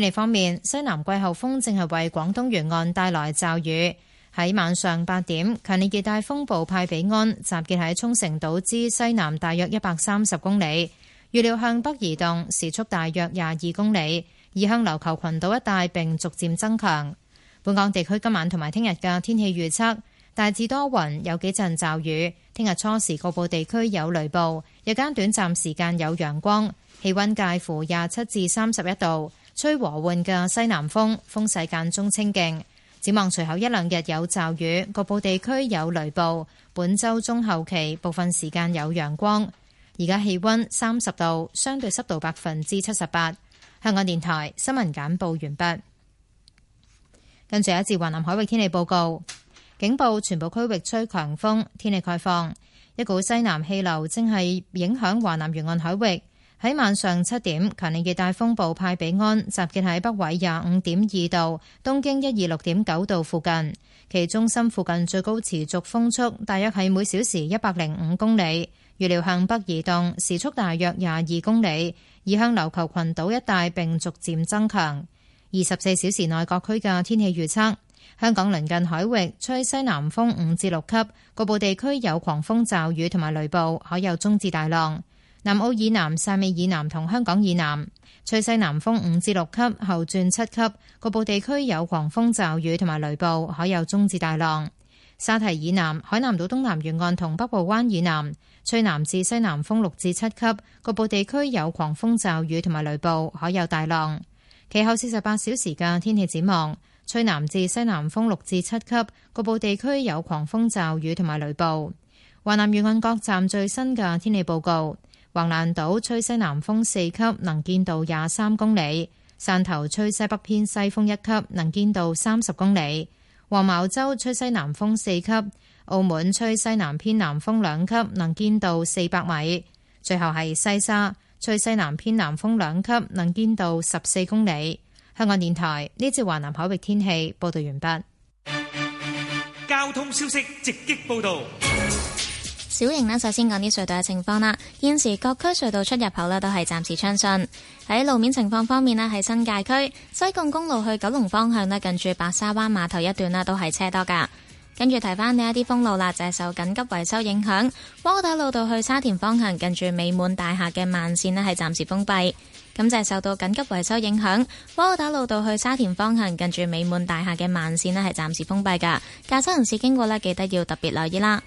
天氣方面，西南季候風正係為廣東沿岸帶來驟雨。喺晚上八點，強烈熱帶風暴派比安集結喺沖繩島之西南，大約一百三十公里，預料向北移動，時速大約廿二公里，移向琉球群島一帶，並逐漸增強。本港地區今晚同埋聽日嘅天氣預測大致多雲，有幾陣驟雨。聽日初時局部地區有雷暴，日間短暫時間有陽光，氣溫介乎廿七至三十一度。吹和緩嘅西南風，風勢間中清勁。展望隨後一兩日有驟雨，局部地區有雷暴。本周中後期部分時間有陽光。而家氣温三十度，相對濕度百分之七十八。香港電台新聞簡報完畢。跟住有一節華南海域天氣報告，警報全部區域吹強風，天氣概況，一股西南氣流正係影響華南沿岸海域。喺晚上七點，強烈熱帶風暴派比安集結喺北緯廿五點二度、東經一二六點九度附近，其中心附近最高持續風速大約係每小時一百零五公里，預料向北移動，時速大約廿二公里，移向琉球群島一帶，並逐漸增強。二十四小時內各區嘅天氣預測：香港鄰近海域吹西南風五至六級，局部地區有狂風驟雨同埋雷暴，海有中至大浪。南澳以南、汕尾以南同香港以南吹西南風五至六級，後轉七級。局部地區有狂風驟雨同埋雷暴，海有中至大浪。沙堤以南海南島東南沿岸同北部灣以南吹南至西南風六至七級，局部地區有狂風驟雨同埋雷暴，海有大浪。其後四十八小時嘅天氣展望，吹南至西南風六至七級，局部地區有狂風驟雨同埋雷暴。華南沿岸各站最新嘅天氣報告。橫瀾島吹西南風四級，能見到廿三公里；汕頭吹西北偏西風一級，能見到三十公里；黃茅洲吹西南風四級；澳門吹西南偏南風兩級，能見到四百米；最後係西沙吹西南偏南風兩級，能見到十四公里。香港電台呢次華南海域天氣報道完畢。交通消息直擊報道。小型呢，首先講啲隧道嘅情況啦。現時各區隧道出入口呢，都係暫時暢順。喺路面情況方面呢，喺新界區西貢公路去九龍方向呢，近住白沙灣碼頭一段啦，都係車多噶。跟住提返呢一啲封路啦，就係受緊急維修影響，窩打老道去沙田方向近住美滿大廈嘅慢線呢係暫時封閉。咁就係受到緊急維修影響，窩打老道去沙田方向近住美滿大廈嘅慢線呢係暫時封閉噶。駕車人士經過呢，記得要特別留意啦。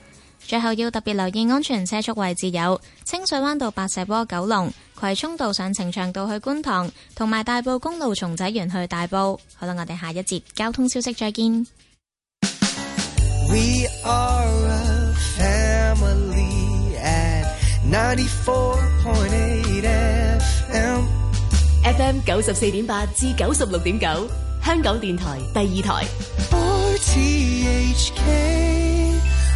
最後要特別留意安全車速位置，有清水灣道白石波九龍、葵涌道上呈祥道去觀塘同埋大埔公路松仔園去大埔。好啦，我哋下一節交通消息再見。F M 九十四點八至九十六點九，9, 香港電台第二台。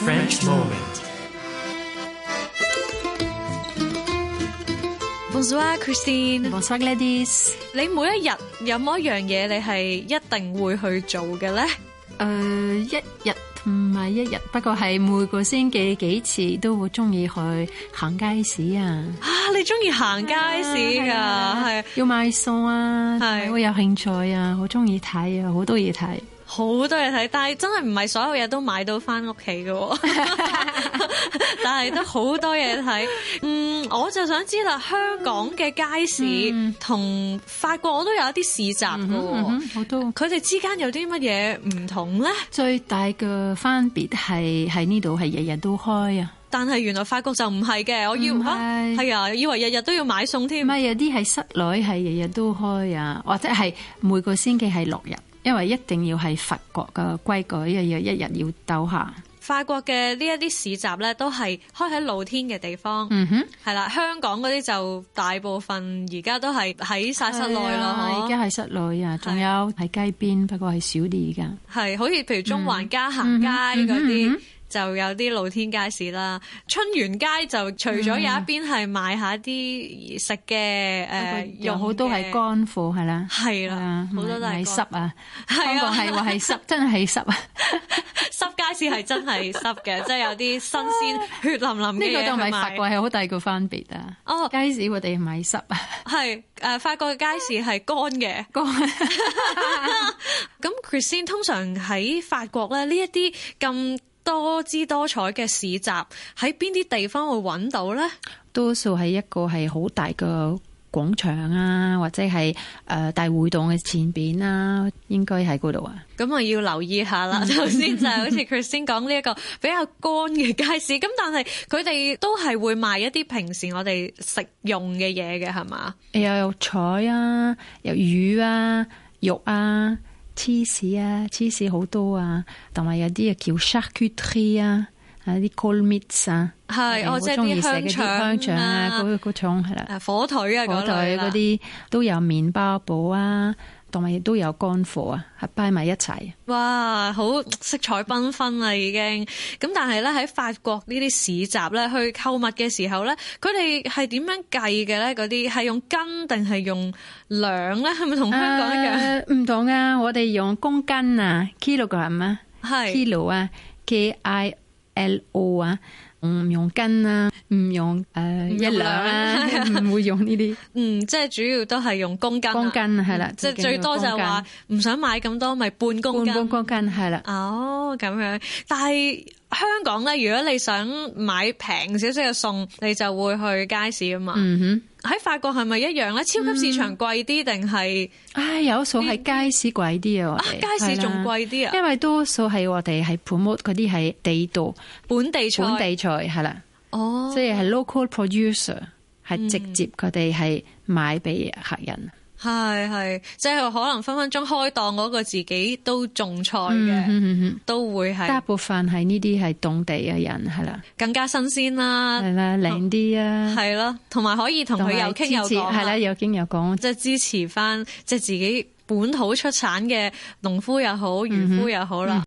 French moment。Bonjour Christine。Bonjour Gladys。你每一日有冇一樣嘢，你係一定會去做嘅咧？誒、呃，一日唔係一日，不過係每個星期幾次都會中意去行街市啊！啊，你中意行街市㗎、啊？係、啊啊啊、要買餸啊，係會、啊、有興趣啊，好中意睇啊，好多嘢睇。好多嘢睇，但係真係唔係所有嘢都買到返屋企嘅。 但係都好多嘢睇。嗯，我就想知啦，香港嘅街市同法國我都有一啲市集嘅、嗯嗯。好多。佢哋之間有啲乜嘢唔同咧？最大嘅分別係喺呢度係日日都開啊。但係原來法國就唔係嘅。我要唔嚇係啊，以為日日都要買餸添。乜嘢？啲係室內係日日都開啊，或者係每個星期係六日。因為一定要係法國嘅規矩，一日一日要鬥下。法國嘅呢一啲市集咧，都係開喺露天嘅地方。嗯哼，係、嗯、啦，香港嗰啲就大部分而家都係喺晒室內咯。而家喺室內啊，仲有喺街邊，不過係少啲而家。係，好似譬如中環加行街嗰啲。就有啲露天街市啦，春園街就除咗有一邊係賣下啲食嘅，誒、嗯，又好、呃、多係乾貨係啦，係啦、啊，好多都係濕啊，濕啊啊香港係話係濕，真係濕啊，濕 街市係真係濕嘅，即係 有啲新鮮血淋淋嘅。呢、啊，這個同埋法國係好大個分別啊！哦，街市我哋唔係濕啊，係誒、啊，法國嘅街市係乾嘅，乾。咁佢先通常喺法國咧，呢一啲咁。多姿多彩嘅市集喺邊啲地方會揾到咧？多數喺一個係好大嘅廣場啊，或者係誒大會堂嘅前邊啊，應該喺嗰度啊。咁啊要留意下啦。頭先 就係好似佢先講呢一個比較乾嘅街市，咁但係佢哋都係會賣一啲平時我哋食用嘅嘢嘅係嘛？有肉菜啊，有魚啊，肉啊。芝士啊，芝士好多啊，同埋有啲叫 charcuterie 啊，啊啲 colmits 啊，係我好中意食嘅香腸啊嗰、啊嗰個嗰個、種係啦、啊，火腿啊，火腿嗰啲都有麵包補啊。同埋亦都有乾貨啊，係擺埋一齊。哇，好色彩繽紛啦，已經。咁但係咧喺法國呢啲市集咧去購物嘅時候咧，佢哋係點樣計嘅咧？嗰啲係用斤定係用兩咧？係咪同香港一樣？Uh, 唔同啊，我哋用公斤啊，kilogram 啊，係，kilo 啊，k, ilo, K i l o 啊。唔用斤啦，唔用誒一兩啦，唔會用呢啲。嗯，即係主要都係用公斤啦。公斤係啦，即係最多就話唔想買咁多，咪半公斤。半公斤係啦。哦，咁樣，但係。香港咧，如果你想買平少少嘅餸，你就會去街市啊嘛。喺、嗯、哼法國係咪一樣咧？超級市場貴啲定係？唉、哎，有數係街市貴啲啊，啊！街市仲貴啲啊！啦因為多數係我哋係 promote 嗰啲喺地度本地菜，本地菜係啦，即、哦、所以係 local producer 係直接佢哋係買俾客人。嗯係係，即係可能分分鐘開檔嗰個自己都種菜嘅，嗯嗯嗯、都會係。大部分係呢啲係種地嘅人，係啦。更加新鮮啦，係啦、嗯，靚啲啊，係咯、嗯，同埋可以同佢有傾有講，係啦，有傾有講，即係支持翻即係自己本土出產嘅農夫又好，漁夫又好啦。嗯嗯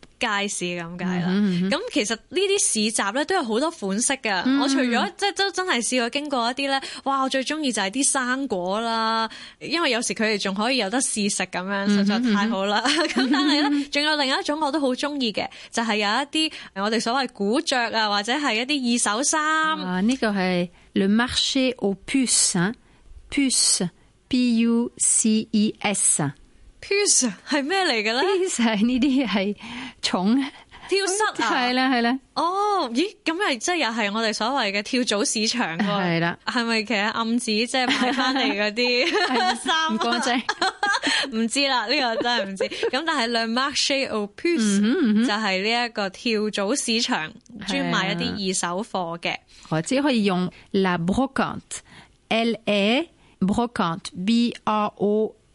街市咁解啦，咁、mm hmm. 其實呢啲市集咧都有好多款式噶。Mm hmm. 我除咗即係都真係試過經過一啲咧，哇！我最中意就係啲生果啦，因為有時佢哋仲可以有得試食咁樣，實在太好啦。咁、mm hmm. 但係咧，仲有另一種我都好中意嘅，就係、是、有一啲我哋所謂古着啊，或者係一啲二手衫。啊、uh,，呢個係 le marché aux puces，puces，p-u-c-e-s。Puce 係咩嚟嘅咧？Puce 呢啲係重跳蚤，係啦，係啦。哦，咦，咁又即係又係我哋所謂嘅跳蚤市場，係啦。係咪其實暗指即係買翻嚟嗰啲唔乾淨？唔知啦，呢個真係唔知。咁但係 Le Marché aux Puces 就係呢一個跳蚤市場，專賣一啲二手貨嘅。我只可以用 La Brocante，L A b r o c a n t B R O。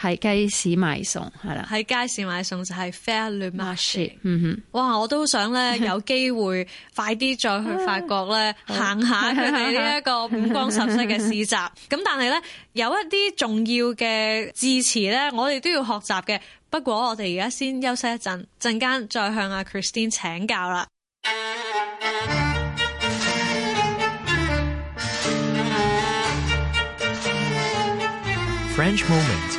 喺街市買餸係啦，喺街市買餸就係 faire le marché。嗯哼，哇！我都想咧有機會快啲再去法國咧 行下佢哋呢一個五光十色嘅市集。咁 但係咧有一啲重要嘅字詞咧，我哋都要學習嘅。不過我哋而家先休息一陣，陣間再向阿 Christine 請教啦。French moment。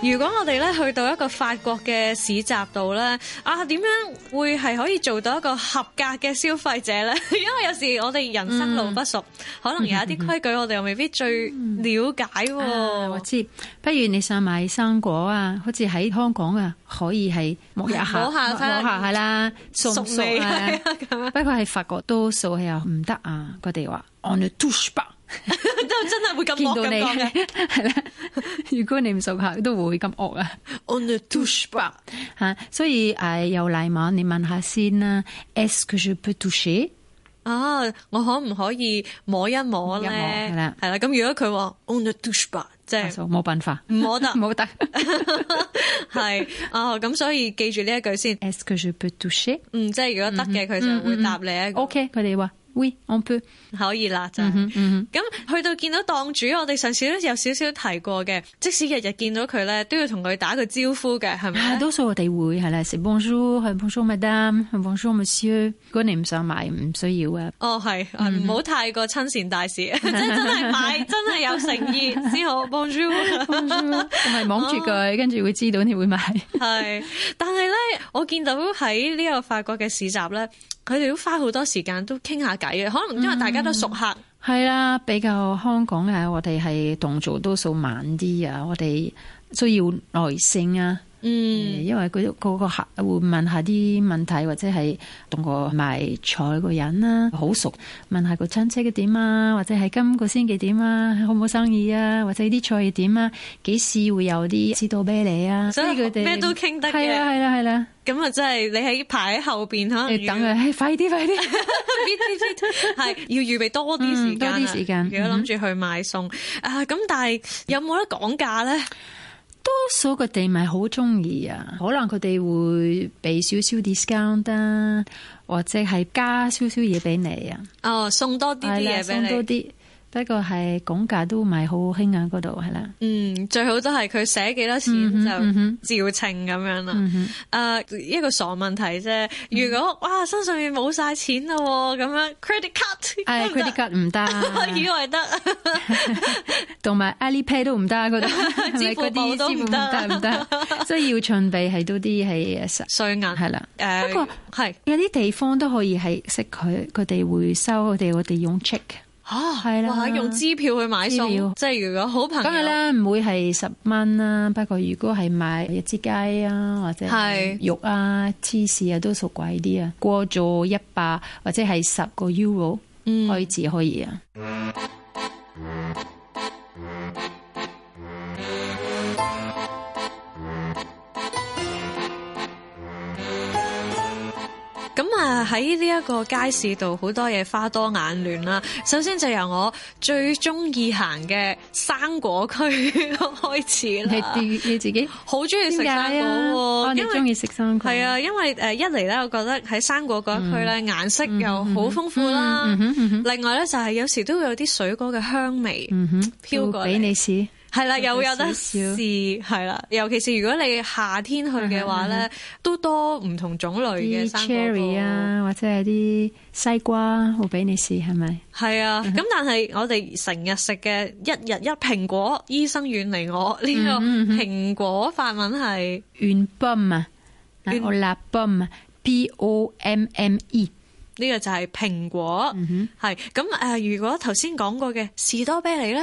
如果我哋咧去到一個法國嘅市集度咧，啊，點樣會係可以做到一個合格嘅消費者咧？ 因為有時我哋人生路不熟，嗯、可能有一啲規矩我哋又未必最了解。我知，不如你想買生果啊？好似喺香港啊，可以係摸一,一下摸下係啦，一下一下熟唔熟不 啊？ 不過係法國多數係啊，唔得啊，佢哋話，on 都真係會咁惡咁講咧，係啦。如果你唔熟下，都唔會咁惡啊。On ne touche pas 吓，所以誒有禮貌，你問下先啦。Est-ce que je peux toucher？哦，我可唔可以摸一摸咧？係啦，係啦。咁如果佢話 on ne touche pas，即係冇辦法，唔摸得，唔摸得。係啊，咁所以記住呢一句先。Est-ce que je peux toucher？嗯，即係如果得嘅，佢就會答你一個。OK，佢哋話。可以啦，就咁去到見到檔主，我哋上次都有少少提過嘅，即使日日見到佢咧，都要同佢打個招呼嘅，係咪？多數我哋會係啦，食 Bonjour，Bonjour Madame，Bonjour Monsieur。如果你唔想買唔需要啊。哦，係，唔好太過親善大使，即係真係買，真係有誠意先好。Bonjour，唔係望住佢，跟住會知道你會買。係，但係咧，我見到喺呢個法國嘅市集咧。佢哋都花好多時間都傾下偈嘅，可能因為大家都熟客。係啦、嗯啊，比較香港啊，我哋係動作多數慢啲啊，我哋需要耐性啊。嗯，因為佢嗰個客會問下啲問題，或者係同個買菜個人啦，好熟，問下個親戚嘅點啊，或者係今個星期點啊，好唔好生意啊，或者啲菜點啊，幾時會有啲士多啤梨啊？所以佢哋咩都傾得嘅，係啦係啦係啦。咁啊，啊就真係你喺排喺後邊吓，你、欸、等佢，快啲快啲，係 要預備多啲時間、嗯，多啲時間。如果諗住去買餸、嗯、啊，咁但係有冇得講價咧？多數佢哋咪好中意啊，可能佢哋會俾少少 discount，或者係加少少嘢俾你啊。哦，送多啲嘢，送多啲。不過係講價都唔係好興啊，嗰度係啦。嗯，最好都係佢寫幾多錢就照稱咁樣啦。誒，一個傻問題啫。如果哇身上面冇晒錢啦，咁樣 credit card，credit card 唔得。我以為得，同埋 Alipay 都唔得，嗰度支付寶都唔得，唔得，即係要準備係多啲係碎銀係啦。誒，不過係有啲地方都可以係識佢，佢哋會收我哋，我哋用 check。啊，係啦，用支票去買餸，即係如果好朋友，梗係啦，唔會係十蚊啦。不過如果係買一隻雞啊，或者肉啊、是芝士啊，都數貴啲啊。過咗一百或者係十個歐元，嗯，開始可以啊。嗯嗯。咁啊！喺呢一個街市度，好多嘢花多眼亂啦。首先就由我最中意行嘅生果區開始啦。你自己好中意食生果，我哋中意食生果。係啊，因為誒一嚟咧，我覺得喺生果嗰一區咧，顏色又好豐富啦。另外咧，就係有時都會有啲水果嘅香味飄過嚟俾、mm hmm. 你試。係啦，又有得試，係啦。尤其是如果你夏天去嘅話咧，嗯、哼都多唔同種類嘅生果，果啊，或者係啲西瓜會俾你試，係咪？係啊，咁、嗯、哼但係我哋成日食嘅一日一蘋果，醫生遠離我呢、呢個蘋果法文係 un pomme，un la pomme，p o m m e。呢、嗯嗯、個就係蘋果，係咁誒。如果頭先講過嘅士多啤梨咧？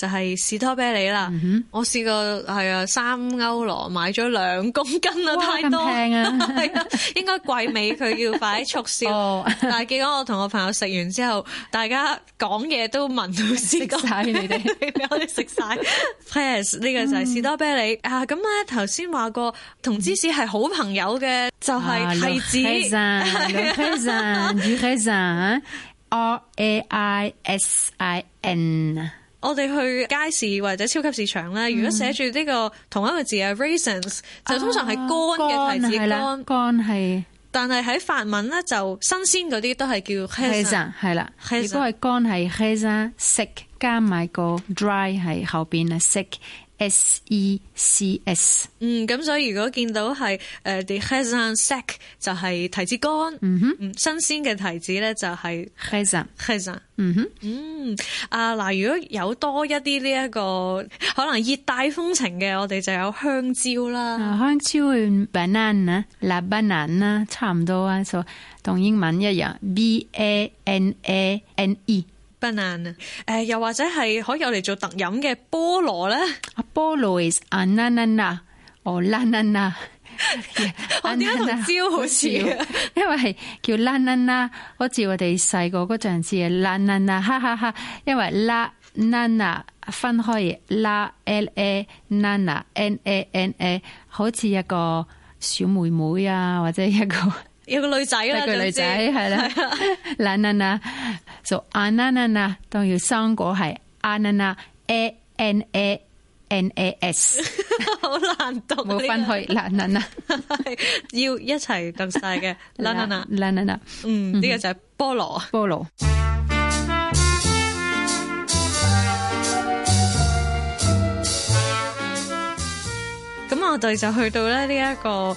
就係士多啤梨啦，我試過係啊三歐羅買咗兩公斤啊，太多，係啊，應該季尾佢要快啲促銷。但係結果我同我朋友食完之後，大家講嘢都聞到士多啤梨的，俾我哋食晒。Fraise，呢個就係士多啤梨啊。咁咧頭先話過同芝士係好朋友嘅，就係提子，raisin，raisin，raisin，R-A-I-S-I-N。我哋去街市或者超級市場咧，如果寫住呢個同一個字啊，raisins、嗯、就通常係乾嘅提子乾乾，乾乾係。但係喺法文咧就新鮮嗰啲都係叫 raisin，係啦。如果係乾係 raisin sec 加埋個 dry 喺後面啊，sec secs s、e、嗯，咁所以如果見到係誒、uh, the raisin sec 就係提子乾，嗯哼新鮮嘅提子咧就係 raisin raisin 嗯哼嗯，啊，嗱如果有多一啲呢一個可能熱帶風情嘅，我哋就有香蕉啦，香蕉 banana banana 差唔多啊，就同英文一樣 banane 不難誒，又或者係可以有嚟做特飲嘅菠蘿啦？阿菠蘿是 ananan，哦 lanan，我點解同蕉好似因為叫 lanan，la 好似我哋細個嗰陣時嘅 lanan，哈哈哈！因為 lanan la 分開，la l a n a n a n a，好似一個小妹妹啊，或者一個。有個女仔啦，個女仔係啦，啦啦啦，就啊啦啦啦，當然生果係啊啦啦，A N A N A S，好難讀，冇分開，啦啦啦，要一齊讀晒嘅，啦啦啦，啦啦啦，嗯，呢個就係菠蘿，菠蘿。咁我哋就去到咧呢一個。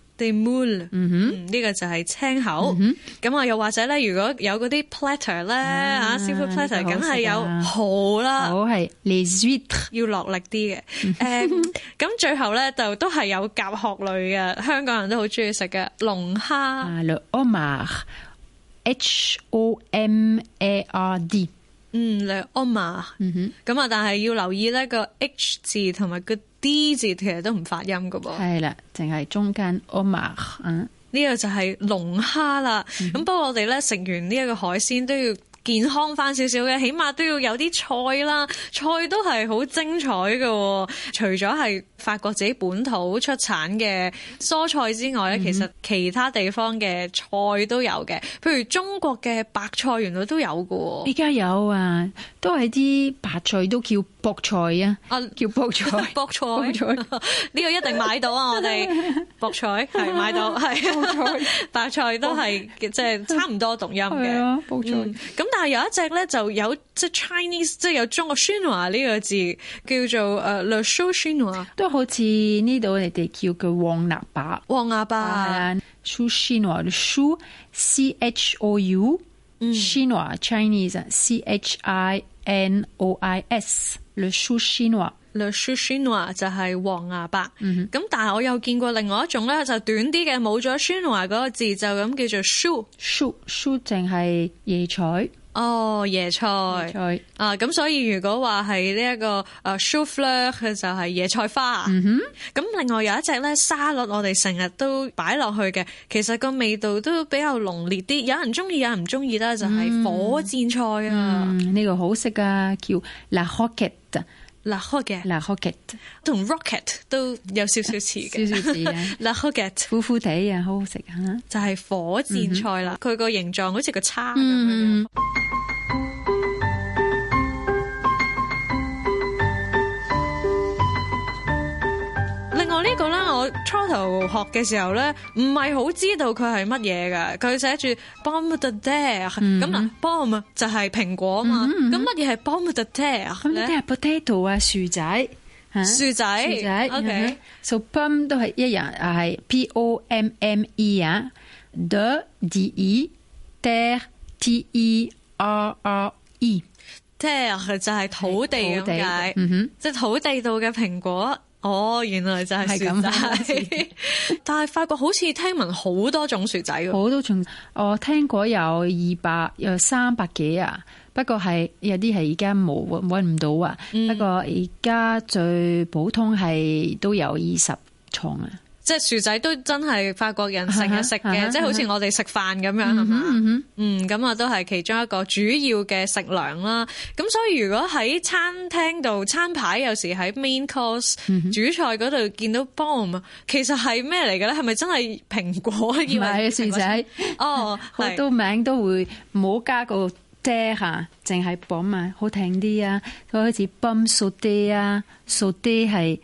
les moules，呢個就係青口，咁啊又或者咧，如果有嗰啲 platter 咧啊，super platter，梗係有蚝啦，好係 sweet，要落力啲嘅，誒，咁最後咧就都係有甲殼類嘅，香港人都好中意食嘅龍蝦，le homard，h o m a r d，嗯，le homard，嗯哼，咁啊，但係要留意呢個 h 字同埋個。D 字其實都唔發音噶噃，係啦，淨係中間。Omar 呢個就係龍蝦啦。咁、嗯、哼不過我哋咧食完呢一個海鮮都要健康翻少少嘅，起碼都要有啲菜啦。菜都係好精彩嘅、哦，除咗係法國自己本土出產嘅蔬菜之外咧，嗯、哼其實其他地方嘅菜都有嘅。譬如中國嘅白菜，原來都有嘅。依家有啊，都係啲白菜都叫。薄菜啊，叫薄菜，薄菜呢個一定買到啊！我哋薄菜係買到，係薄菜、菜 白菜都係菜即係差唔多讀音嘅。薄菜咁，嗯、但係有一隻咧就有即係 Chinese，即係有中國 chinois 呢個字，叫做誒 le chou chinois。都、uh, 好似呢度，你哋叫佢黃阿爸，黃阿爸。Chou chinois，Chou C H O U chinois，Chinese C H I N O I S。Le chou chinois，le chou chinois 就係黃芽白。咁、嗯、哼但係我又見過另外一種咧，就短啲嘅，冇咗 chinois 嗰個字，就咁叫做 chou。Chou，chou 淨係椰菜。哦，椰菜 啊，咁所以如果話係呢一個誒，shoe flower 佢就係椰菜花。哼，咁、 啊、另外有一隻咧沙律，我哋成日都擺落去嘅，其實個味道都比較濃烈啲，有人中意，有人唔中意啦，就係、是、火箭菜啊，呢、嗯嗯這個好食啊，叫 la、Rocket. La roquette，同 rocket 都有少少似嘅。La roquette，呼呼地啊，好好食啊，就係火箭菜啦。佢個形狀好似個叉咁。頭學嘅時候咧，唔係好知道佢係乜嘢噶。佢寫住 pomme de terre 咁嗱，pomme 就係蘋果啊嘛。咁乜嘢係 pomme de terre？咁呢啲係 potato 啊，薯仔，啊、薯仔，薯仔。OK，so pomme 都係一樣，係 p o m m e 啊 de d i ter, t i, o, o, i. t e r t i r i。ter 就係土地嘅解，嗯，即係土地度嘅蘋果。哦，原來就係薯仔， 但係法國好似聽聞好多種薯仔噶，好多種，我聽過有二百有三百幾啊，不過係有啲係而家冇搵唔到啊，不過而家最普通係都有二十種啊。即係薯仔都真係法國人成日食嘅，即係好似我哋食飯咁樣，uh huh, uh huh. 嗯，咁啊，都係其中一個主要嘅食糧啦。咁所以如果喺餐廳度餐牌有時喺 main course 主菜嗰度見到 bomb，uh huh. 其實係咩嚟嘅咧？係咪真係蘋果？唔係薯仔哦，好多 是名都會唔好加個爹吓，淨係 bomb 好聽啲啊，佢開始 bomb soude 啊，soude 係 so。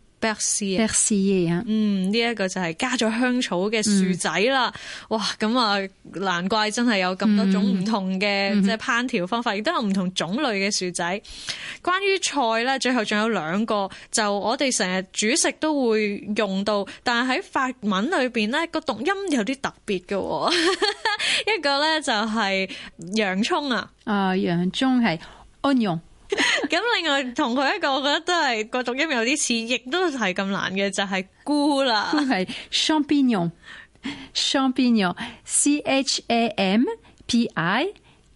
白絲啊，嗯，呢、這、一個就係加咗香草嘅薯仔啦，嗯、哇，咁啊，難怪真係有咁多種唔同嘅，即係烹調方法，亦都、嗯、有唔同種類嘅薯仔。關於菜咧，最後仲有兩個，就我哋成日煮食都會用到，但係喺法文裏邊咧個讀音有啲特別嘅、哦， 一個咧就係洋葱啊，啊，洋葱係 onion 咁另外同佢一個，我覺得都係個讀音有啲似，亦都係咁難嘅，就係菇啦。係 champignon，champignon，c h a m p i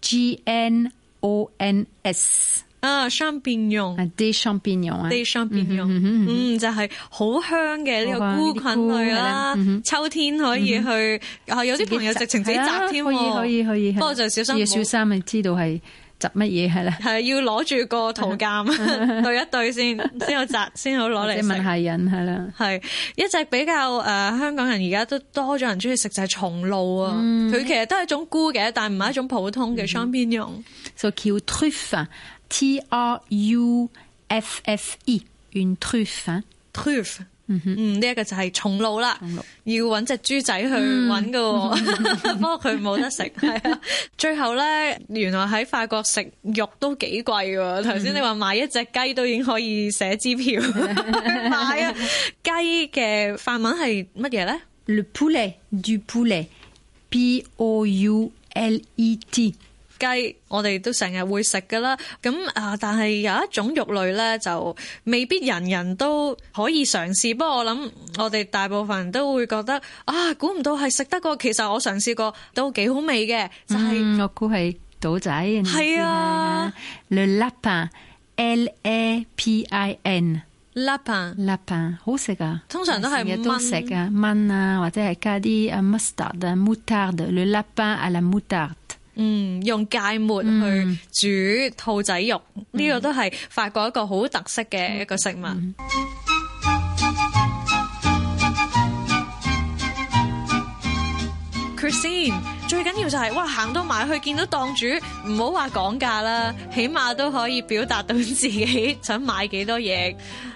g n o n s。啊 champignon 啊，啲 champignon 啊，啲 champignon 嗯，就係好香嘅呢個菇菌類啦。秋天可以去，有啲朋友直情自己摘添，可以可以可以，不過就小心，小心你知道係。摘乜嘢係啦？係要攞住個圖鑑 對一對先，先有摘，先好攞嚟。即係 問下人係啦。係一隻比較誒、呃，香港人而家都多咗人中意食就係、是、松露啊！佢、嗯、其實都係一種菇嘅，但唔係一種普通嘅 champignon，就、嗯 so, 叫 truff 啊、e,，T R U F F E，truff 啊 r Mm hmm. 嗯，呢、這、一個就係松露啦，露要揾隻豬仔去揾噶，不過佢冇得食。係啊， 最後咧，原來喺法國食肉都幾貴噶。頭先、嗯、你話買一隻雞都已經可以寫支票買、啊，買雞嘅法文係乜嘢啊？Le poulet, du poulet, p o u l e t。雞，我哋都成日會食噶啦。咁啊，但係有一種肉類咧，就未必人人都可以嘗試。不過我諗，我哋大部分人都會覺得啊，估唔到係食得過。其實我嘗試過都幾好味嘅。就係我估係兔仔。係啊，le lapin，l a p i n，lapin，lapin，好食噶。通常都係問食噶。炆啊，或者係加啲啊 mustard，mustard，le lapin à la mustard。嗯，用芥末去煮兔仔肉，呢個都係法國一個好特色嘅一個食物。嗯、Cuisine 最緊要就係，哇，行到埋去見到檔主，唔好話講價啦，起碼都可以表達到自己想買幾多嘢。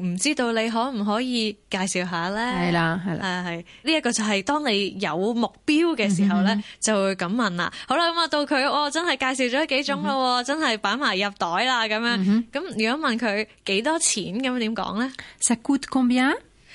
唔知道你可唔可以介紹下咧？係啦，係啦，係係呢一個就係當你有目標嘅時候咧，嗯、哼就會咁問啦。好啦，咁啊到佢哦，真係介紹咗幾種咯，嗯、哼真係擺埋入袋啦咁樣。咁、嗯、哼如果問佢幾多錢咁點講咧？C'est good？Combien？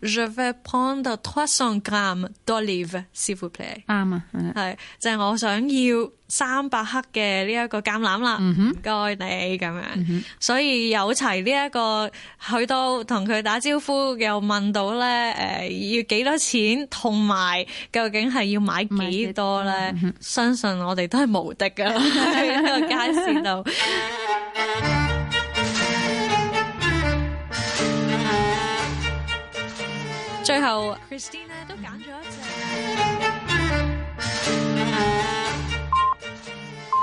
我放到三百克橄欖，師傅，plea 啱啊，係 就係、是、我想要三百克嘅呢一個橄欖啦。唔該、mm hmm. 你咁樣，mm hmm. 所以有齊呢、這、一個，去到同佢打招呼，又問到咧，誒、呃、要幾多錢，同埋究竟係要買幾多咧？相信我哋都係無敵噶啦，喺個街市度。 最後 Christine 咧都揀咗一隻。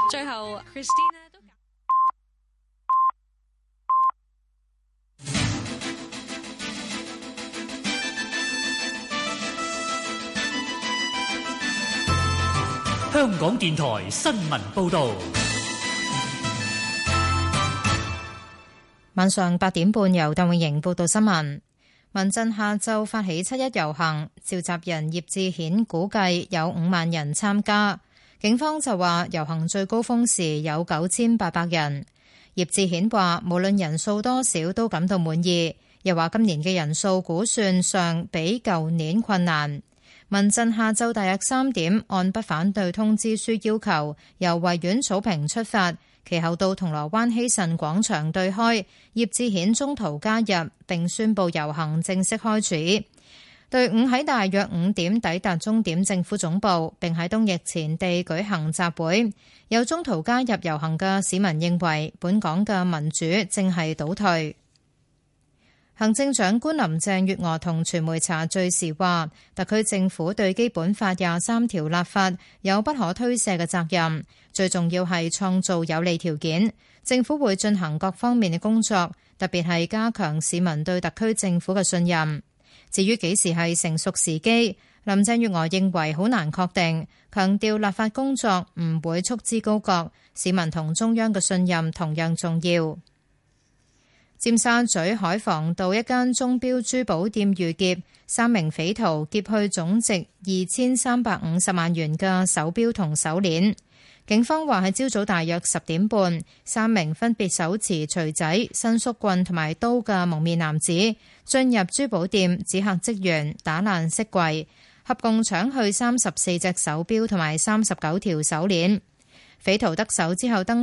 最後 Christine 咧都揀。香港電台新聞報道，晚上八點半由鄧穎瑩報道新聞。民陣下晝發起七一遊行，召集人葉志顯估計有五萬人參加。警方就話遊行最高峰時有九千八百人。葉志顯話，無論人數多少都感到滿意，又話今年嘅人數估算上比舊年困難。民陣下晝大約三點，按不反對通知書要求，由維園草坪出發。其後到銅鑼灣希慎廣場對開，葉志顯中途加入並宣布遊行正式開始。隊伍喺大約五點抵達終點政府總部，並喺東翼前地舉行集會。有中途加入遊行嘅市民認為，本港嘅民主正係倒退。行政長官林鄭月娥同傳媒茶敘時話，特區政府對《基本法》廿三條立法有不可推卸嘅責任，最重要係創造有利條件。政府會進行各方面嘅工作，特別係加強市民對特區政府嘅信任。至於幾時係成熟時機，林鄭月娥認為好難確定，強調立法工作唔會束之高閣，市民同中央嘅信任同樣重要。尖沙咀海防道一間鐘錶珠寶店遇劫，三名匪徒劫去總值二千三百五十萬元嘅手錶同手鏈。警方話喺朝早大約十點半，三名分別手持錘仔、伸縮棍同埋刀嘅蒙面男子進入珠寶店，指嚇職員打爛飾櫃，合共搶去三十四隻手錶同埋三十九條手鏈。匪徒得手之後登。